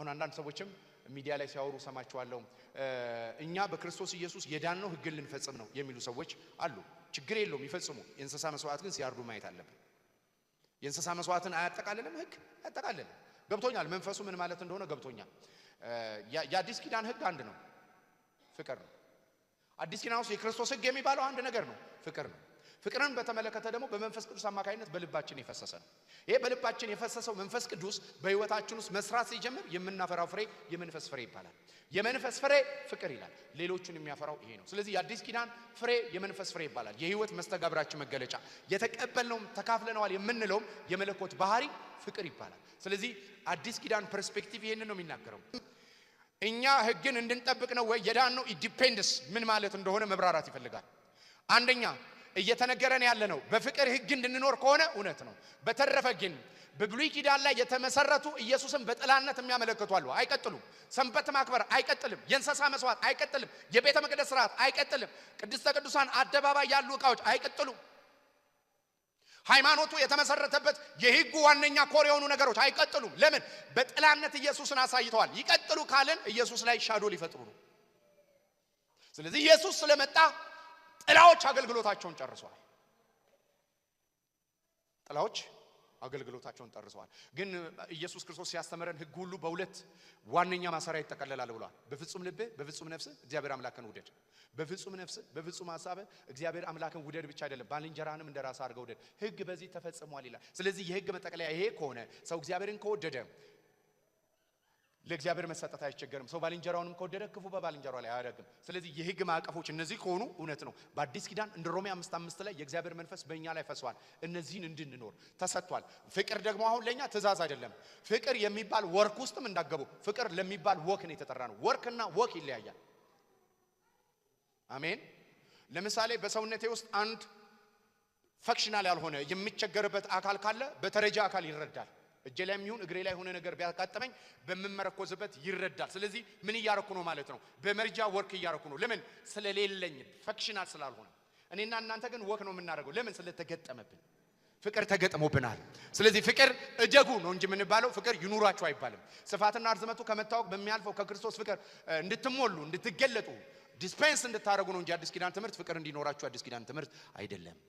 አሁን አንዳንድ ሰዎችም ሚዲያ ላይ ሲያወሩ ሰማችኋለሁ። እኛ በክርስቶስ ኢየሱስ የዳነው ህግን ልንፈጽም ነው የሚሉ ሰዎች አሉ። ችግር የለውም ይፈጽሙ። የእንስሳ መስዋዕት ግን ሲያርዱ ማየት አለብን። የእንስሳ መስዋዕትን አያጠቃልልም፣ ህግ አያጠቃልልም። ገብቶኛል። መንፈሱ ምን ማለት እንደሆነ ገብቶኛል። የአዲስ ኪዳን ህግ አንድ ነው፣ ፍቅር ነው። አዲስ ኪዳን ውስጥ የክርስቶስ ህግ የሚባለው አንድ ነገር ነው፣ ፍቅር ነው። ፍቅርን በተመለከተ ደግሞ በመንፈስ ቅዱስ አማካኝነት በልባችን የፈሰሰ ነው። ይሄ በልባችን የፈሰሰው መንፈስ ቅዱስ በህይወታችን ውስጥ መስራት ሲጀምር የምናፈራው ፍሬ የመንፈስ ፍሬ ይባላል። የመንፈስ ፍሬ ፍቅር ይላል። ሌሎቹን የሚያፈራው ይሄ ነው። ስለዚህ የአዲስ ኪዳን ፍሬ የመንፈስ ፍሬ ይባላል። የህይወት መስተጋብራችን መገለጫ የተቀበልነውም ተካፍለነዋል የምንለውም የመለኮት ባህሪ ፍቅር ይባላል። ስለዚህ አዲስ ኪዳን ፐርስፔክቲቭ ይሄንን ነው የሚናገረው። እኛ ህግን እንድንጠብቅ ነው ወይ የዳን ነው? ዲፔንድስ ምን ማለት እንደሆነ መብራራት ይፈልጋል። አንደኛ እየተነገረን ያለ ነው። በፍቅር ህግ እንድንኖር ከሆነ እውነት ነው። በተረፈ ግን በብሉይ ኪዳን ላይ የተመሰረቱ ኢየሱስን በጥላነት የሚያመለክቱ አሉ። አይቀጥሉም። ሰንበት ማክበር አይቀጥልም። የእንስሳ መስዋዕት አይቀጥልም። የቤተ መቅደስ ስርዓት አይቀጥልም። ቅድስተ ቅዱሳን አደባባይ ያሉ እቃዎች አይቀጥሉም። ሃይማኖቱ የተመሰረተበት የህጉ ዋነኛ ኮር የሆኑ ነገሮች አይቀጥሉም። ለምን? በጥላነት ኢየሱስን አሳይተዋል። ይቀጥሉ ካልን ኢየሱስ ላይ ሻዶ ሊፈጥሩ ነው። ስለዚህ ኢየሱስ ስለመጣ ጥላዎች አገልግሎታቸውን ጨርሰዋል። ጥላዎች አገልግሎታቸውን ጨርሰዋል። ግን ኢየሱስ ክርስቶስ ሲያስተምረን ሕግ ሁሉ በሁለት ዋነኛ ማሰሪያ ይጠቀለላል ብሏል። በፍጹም ልብ፣ በፍጹም ነፍስ እግዚአብሔር አምላክን ውደድ። በፍጹም ነፍስ፣ በፍጹም ሀሳብ እግዚአብሔር አምላክን ውደድ ብቻ አይደለም፣ ባልንጀራንም እንደ ራስ አድርገህ ውደድ። ሕግ በዚህ ተፈጽሟል ይላል። ስለዚህ የሕግ መጠቅለያ ይሄ ከሆነ ሰው እግዚአብሔርን ከወደደ ለእግዚአብሔር መሰጠት አይቸገርም። ሰው ባልንጀራውንም ከወደደ ክፉ በባልንጀራው ላይ አያደርግም። ስለዚህ የሕግ ማዕቀፎች እነዚህ ከሆኑ እውነት ነው። በአዲስ ኪዳን እንደ ሮሜ አምስት አምስት ላይ የእግዚአብሔር መንፈስ በእኛ ላይ ፈሷል፣ እነዚህን እንድንኖር ተሰጥቷል። ፍቅር ደግሞ አሁን ለእኛ ትእዛዝ አይደለም። ፍቅር የሚባል ወርክ ውስጥም እንዳገቡ ፍቅር ለሚባል ወክ ነው የተጠራ ነው። ወርክና ወክ ይለያያል። አሜን። ለምሳሌ በሰውነቴ ውስጥ አንድ ፈክሽናል ያልሆነ የሚቸገርበት አካል ካለ በተረጃ አካል ይረዳል። እጄ ላይ የሚሆን እግሬ ላይ የሆነ ነገር ቢያጋጥመኝ በምመረኮዝበት ይረዳል። ስለዚህ ምን እያረኩ ነው ማለት ነው? በመርጃ ወርክ እያረኩ ነው። ለምን ስለሌለኝ፣ ፈክሽናል ስላልሆነ። እኔና እናንተ ግን ወክ ነው የምናደርገው። ለምን ስለተገጠመብን፣ ፍቅር ተገጥሞብናል። ስለዚህ ፍቅር እደጉ ነው እንጂ የምንባለው ፍቅር ይኑራችሁ አይባልም። ስፋትና እርዝመቱ ከመታወቅ በሚያልፈው ከክርስቶስ ፍቅር እንድትሞሉ እንድትገለጡ ዲስፔንስ እንድታደርጉ ነው እንጂ አዲስ ኪዳን ትምህርት ፍቅር እንዲኖራችሁ አዲስ ኪዳን ትምህርት አይደለም።